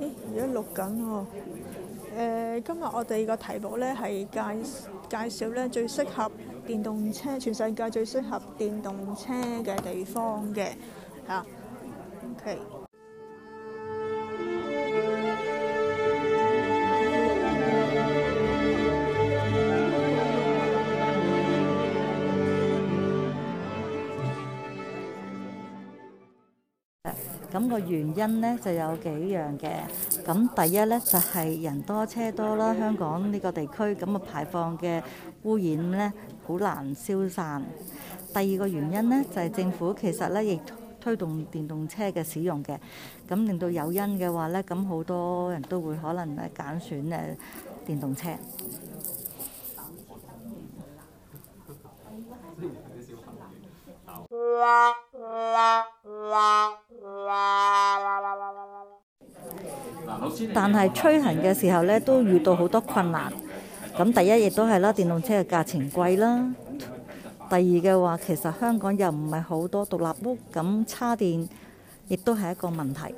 咦，而家錄緊喎。誒，今日我哋個題目呢，係介介紹呢最適合電動車，全世界最適合電動車嘅地方嘅嚇、啊。OK。咁個原因呢就有幾樣嘅。咁第一呢，就係、是、人多車多啦，香港呢個地區咁啊、那個、排放嘅污染呢，好難消散。第二個原因呢，就係、是、政府其實呢亦推動電動車嘅使用嘅，咁令到有因嘅話呢，咁好多人都會可能呢揀選誒電動車。 但係推行嘅時候呢，都遇到好多困難。咁第一亦都係啦，電動車嘅價錢貴啦。第二嘅話，其實香港又唔係好多獨立屋，咁叉電亦都係一個問題。